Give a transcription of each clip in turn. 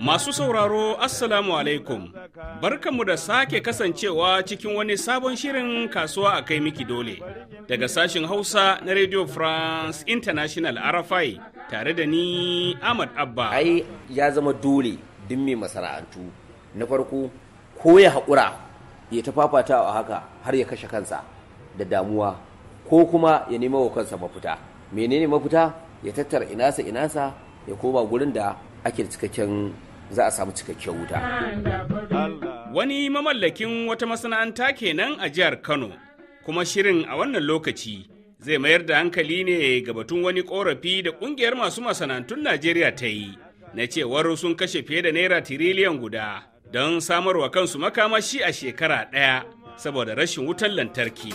Masu sauraro, Assalamu alaikum. Barkanmu da sake kasancewa cikin wani sabon shirin kasuwa a kai miki dole. Daga sashen Hausa na Radio France International RFI tare da ni Ahmad Abba. Ai, ya zama dole duk mai masana'antu. Na farko, ko ya haƙura ya ta fafata a haka har ya kashe kansa da damuwa ko kuma ya nema wa kansa mafuta menene mafuta ya tattara inasa inasa ya koma gurin da ake cikakken za a samu cikakken wuta wani mamallakin wata masana'anta kenan a jihar kano kuma shirin a wannan lokaci zai mayar da hankali ne ga batun wani korafi da kungiyar masu masana'antun najeriya ta yi na cewar sun kashe fiye da naira tiriliyan guda don samarwa kansu makamashi a shekara ɗaya saboda rashin wutar lantarki.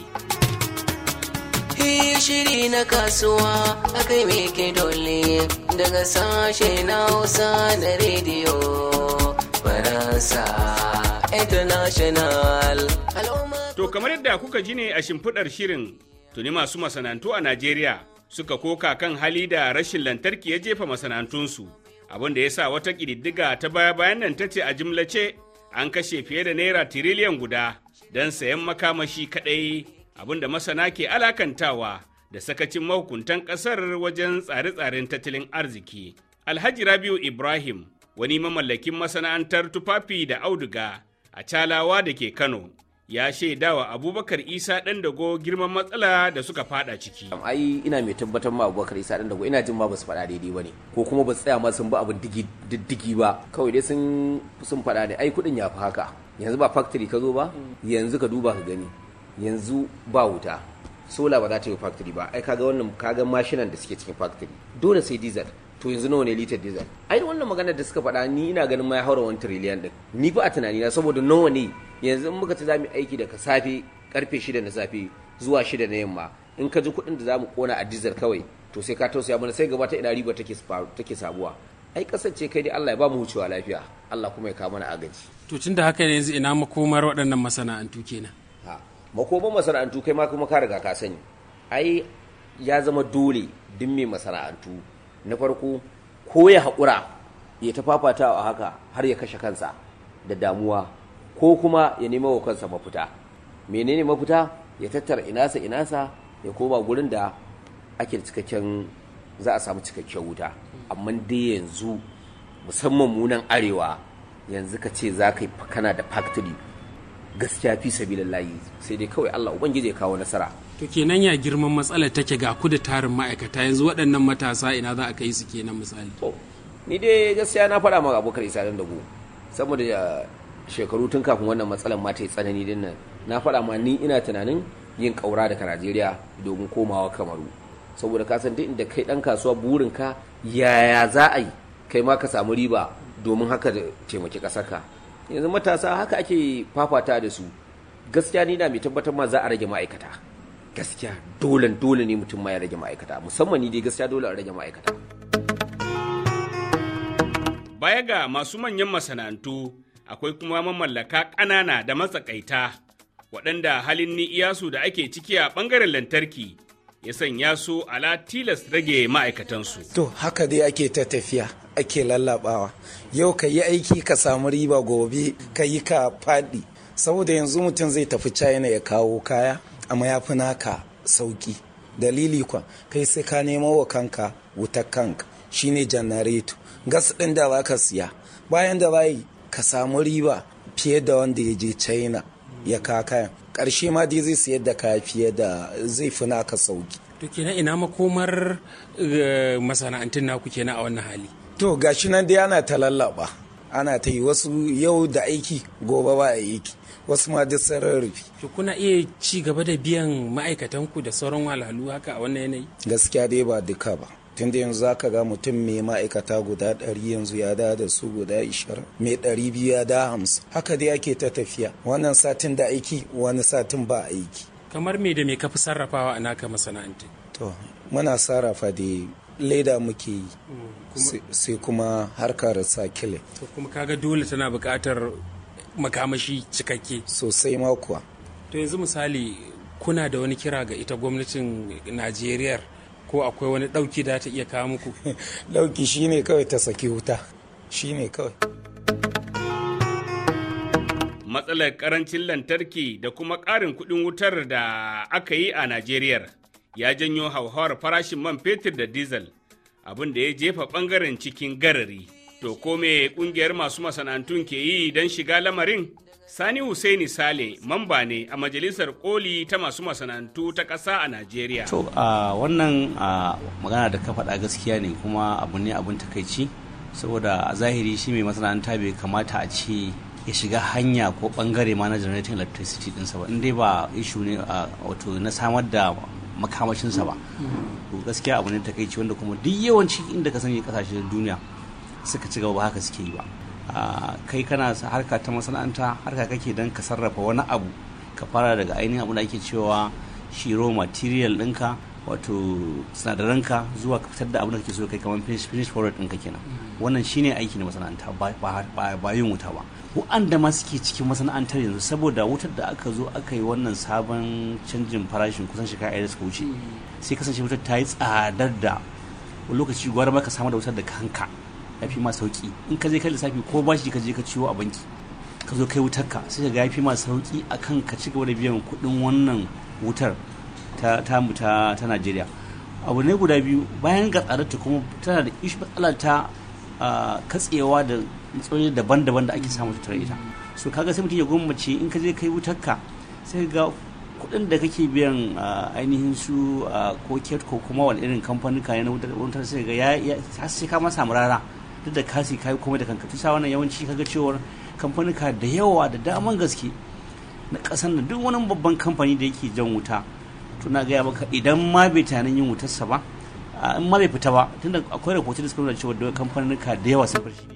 shiri na kasuwa a me ke dole daga sashe na hausa na rediyo faransa international to kamar yadda kuka ji ne a shimfiɗar shirin tuni masu masana'antu a najeriya suka koka kan hali da rashin lantarki ya jefa masana'antunsu abin da ya sa wata ƙididdiga ta baya-bayan nan ta ce a jimlace an kashe fiye da naira tiriliyan guda don sayan makamashi kaɗai abin da masana ke alakantawa da sakacin mahukuntan ƙasar wajen tsare-tsaren tattalin arziki. Alhaji Rabiu Ibrahim wani mamallakin masana'antar tufafi da auduga a Calawa da ke Kano ya shaida wa abubakar isa ɗan dago girman matsala da suka fada ciki ai ina mai tabbatar ma abubakar isa ɗan dago ina jin ma basu fada daidai ba ne ko kuma basu tsaya ma sun bi abin diddigi ba kawai dai sun sun faɗa ne ai kuɗin ya fi haka yanzu ba factory ka zo ba yanzu ka duba ka gani yanzu ba wuta sola ba za ta yi factory ba ai kaga wannan kaga mashinan da suke cikin factory dole sai diesel to yanzu nawa ne litar diesel ai wannan maganar da suka faɗa ni ina ganin ma ya haura wani trillion din ni ba a tunani na saboda nawa ne yanzu in muka ci za mu aiki daga safe karfe shida na safe zuwa shida na yamma in ka ji kuɗin da za mu kona a dizar kawai to sai ka tausaya mana sai gaba ta ina riba take sabuwa ai kasance kai dai Allah ya ba mu wucewa lafiya Allah kuma ya kawo mana agaji to tun da haka yanzu ina makomar waɗannan masana'antu kenan makomar masana'antu kai ma kuma ka riga ka sani ai ya zama dole duk mai masana'antu na farko ko ya haƙura ya ta fafatawa haka har ya kashe kansa da damuwa ko kuma ya nemo wa kansa mafita menene mafuta ya tattara inasa inasa ya koma gurin da ake cikakken za a samu cikakken wuta amma dai yanzu musamman munan arewa yanzu ka ce za ka yi kana da factory gaskiya fi sabilin layi sai dai kawai Allah ubangiji ya kawo nasara to kenan ya girman matsalar take ga ku da tarin ma'aikata yanzu waɗannan matasa ina za a kai su kenan misali ni dai gaskiya na faɗa maka abokan isa da dago. saboda shekaru tun kafin wannan matsalar ma ta yi tsanani din nan na faɗa ma ni ina tunanin yin ƙaura daga najeriya domin komawa kamaru saboda ka san inda kai ɗan kasuwa burinka yaya za a yi kai ma ka samu riba domin haka da taimaki ƙasarka yanzu matasa haka ake fafata da su gaskiya ni na mai tabbatar ma za a rage ma'aikata gaskiya dole dole ne mutum ma ya rage ma'aikata musamman ni dai gaskiya dole a rage ma'aikata baya ga masu manyan masana'antu akwai kuma mamallaka ƙanana da matsakaita waɗanda halin ni ni'iyasu da ake ciki a ɓangaren lantarki ya sanya su ala tilas rage ma'aikatansu. To haka dai ake ta tafiya ake lallabawa yau ka yi aiki ka samu riba gobe ka yi ka faɗi saboda yanzu mutum zai tafi china ya kawo kaya amma ya fi naka sauki dalili kwa kai sai ka nemo wa kanka wutar kanka shine janareto gas ɗin da za ka siya bayan da yi. ka samu riba fiye da wanda ya je china ya ka Karshe ma dai zai sayar da kaya fiye da zai fi naka sauki to kenan ina makomar eh, masana'antun naku kenan a wannan hali to gashi nan dai ana ta lallaba ana ta yi wasu yau da aiki gobe ba aiki wasu ma duk sun rufi to kuna iya ci gaba da biyan ma'aikatanku da sauran wahalhalu haka a wannan yanayi gaskiya dai ba duka ba tunda yanzu za ka ga mutum mai ma'aikata guda ɗari yanzu ya da da su guda ishirin mai ɗari biyu ya da hamsin haka dai ake ta tafiya wannan satin da aiki wani satin ba aiki kamar me da me ka fi sarrafawa a naka masana'antu to muna sarrafa da leda muke yi mm, sai kuma harkar sakile to kuma kaga dole tana buƙatar makamashi cikakke sosai ma kuwa to yanzu misali kuna da wani kira ga ita gwamnatin najeriya ko akwai wani ɗauki da ta iya kawo muku ɗauki shine kawai ta saki wuta shine kawai matsalar karancin lantarki da kuma ƙarin kuɗin wutar da aka yi a najeriya ya janyo hauhawar farashin man fetur da diesel abin da ya jefa ɓangaren cikin garari to ko me ƙungiyar masu masana'antun ke yi don shiga lamarin Sani Hussaini Sale mamba ne a majalisar koli ta masu masana'antu ta ƙasa a Najeriya. To a wannan magana da ka faɗa gaskiya ne kuma abu ne abun takaici saboda a zahiri shi mai masana'anta bai kamata a ce ya shiga hanya ko bangare ma na generating electricity dinsa ba dai ba ishu ne wato na samar da makamashinsa ba to gaskiya abu ne takaici wanda kuma duk yawanci inda ka sani kasashen duniya suka ci gaba haka suke yi ba kai kana harka ta masana'anta harka kake don ka sarrafa wani abu ka fara daga ainihin abu da ake cewa shi raw material dinka wato sinadaranka zuwa ka fitar da abin da kake so kai kamar finish product ɗinka kenan wannan shine aiki na masana'anta ba yin wuta ba wa'anda ma suke cikin masana'antar yanzu saboda wutar da aka zo aka yi wannan sabon canjin farashin kusan shekara ɗaya da suka wuce mm. sai kasance wutar ta yi tsadar da lokaci gwara ka samar da wutar da kanka ya fi kai sauki in ka je kai lissafi ko shi ka je ka ciwo a banki ka zo kai wutar ka sai ka ga ya fi ma sauki akan ka ci gaba da biyan kuɗin wannan wutar ta tamu ta Najeriya abu ne guda biyu bayan ga tsararta kuma tana da ishi matsala ta katsewa da tsoye daban-daban da ake samu tattare ita so kaga sai mutum ya gwammace in ka je kai wutar ka sai ga kuɗin da kake biyan ainihin su ko ko kuma wani irin kamfanin kayan wutar sai ga ya sai ka masa rara duk da kasi kai komai da kanka tusa wannan yawanci kaga cewar kamfanika da yawa da daman gaske na kasan da duk wani babban kamfani da yake jan wuta to na gaya maka idan ma bai tunanin yin wutarsa ba in ma bai fita ba tunda akwai rahoton da suka nuna cewa kamfanika da yawa sun farshi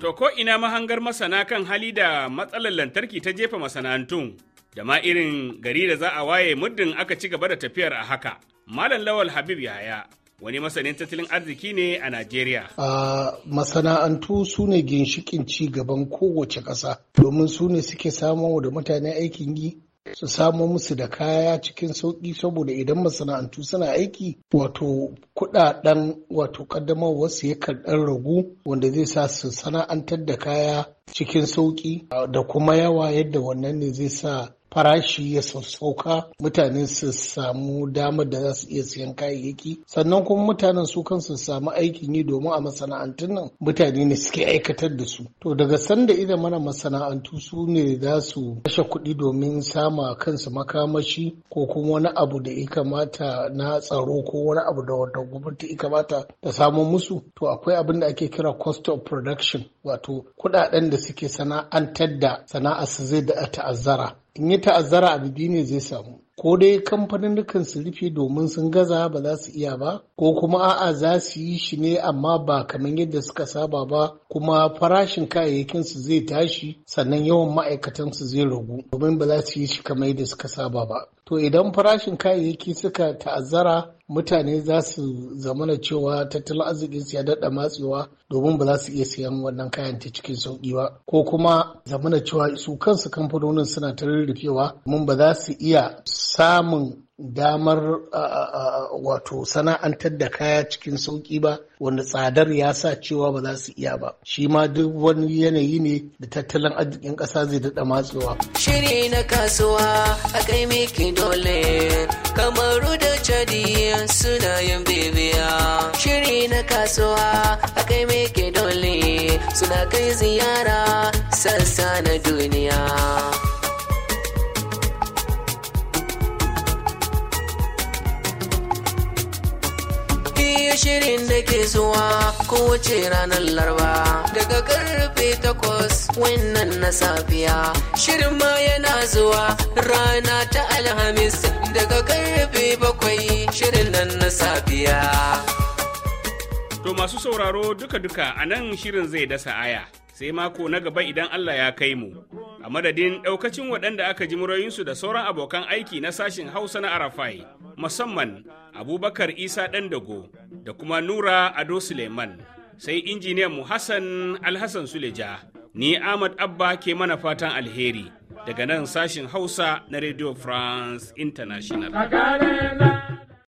To ko ina mahangar masana kan hali da matsalar lantarki ta jefa masana'antun da ma irin gari da za a waye muddin aka ci gaba da tafiyar a haka. Malam Lawal Habib Yahaya wani masanin tattalin arziki ne a Najeriya. A masana'antu su ne ginshikin ci gaban kowace ƙasa domin su ne suke samun da mutane aikin yi su samo musu da kaya cikin sauƙi saboda idan masana'antu suna aiki wato kuɗaɗen wato ƙaddamarwar su yakan ɗan ragu wanda zai sa su sana'antar da kaya cikin sauƙi da kuma yawa yadda wannan ne zai sa farashi ya sassauka mutane su samu damar da za su iya siyan kayayyaki sannan kuma mutanen su kansu samu aikin yi domin a masana'antun nan mutane ne suke aikatar da su to daga sanda idan mana masana'antu su ne za su kashe kuɗi domin sama kansu makamashi ko kuma wani abu da ya kamata na tsaro ko wani abu da wata gwamnati ya kamata ta samo musu to akwai abin da ake kira cost of production wato kuɗaɗen da suke sana'antar da sana'a su zai da ta'azzara in yi ta'azzara abu ne zai samu ko dai kamfanin su rufe domin sun gaza ba za su iya ba ko kuma a'a za su yi shi ne amma ba kamar yadda suka saba ba kuma farashin kayayyakin su zai tashi sannan yawan ma'aikatan su zai ragu domin ba za su yi shi kamar yadda suka saba ba to idan farashin kayayyaki suka ta'azzara mutane za su zamana cewa tattalin su ya daɗa matsewa domin ba za su iya siyan wannan kayan ta cikin sauƙi ba ko kuma zamana cewa su kansu kamfanonin suna ta rurrufewa domin ba za su iya samun damar wato sana'antar da kaya cikin sauƙi ba wanda tsadar ya sa cewa ba za su iya ba shi ma duk wani yanayi ne da tattalin arzikin ƙasa zai daɗa matsewa. shiri na kasuwa a kai miki dole kamaru da jadi suna yin bibiya shiri na kasuwa a kai miki dole suna kai ziyara sassa na duniya. shirin da ke zuwa kowace ranar laraba daga karfe takwas wannan na safiya shirin ma yana zuwa rana ta alhamis daga karfe bakwai shirin nan na safiya to masu sauraro duka-duka a nan shirin zai dasa aya sai mako na gaba idan Allah ya kai mu a madadin ɗaukacin waɗanda aka ji murayinsu da sauran abokan aiki na sashin hausa na arafai musamman abubakar isa ɗan dago da kuma Nura Ado Suleiman, sai injiniyan mu Hassan Alhassan Suleja, ni Ahmad Abba ke mana fatan alheri daga nan sashin Hausa na Radio France International.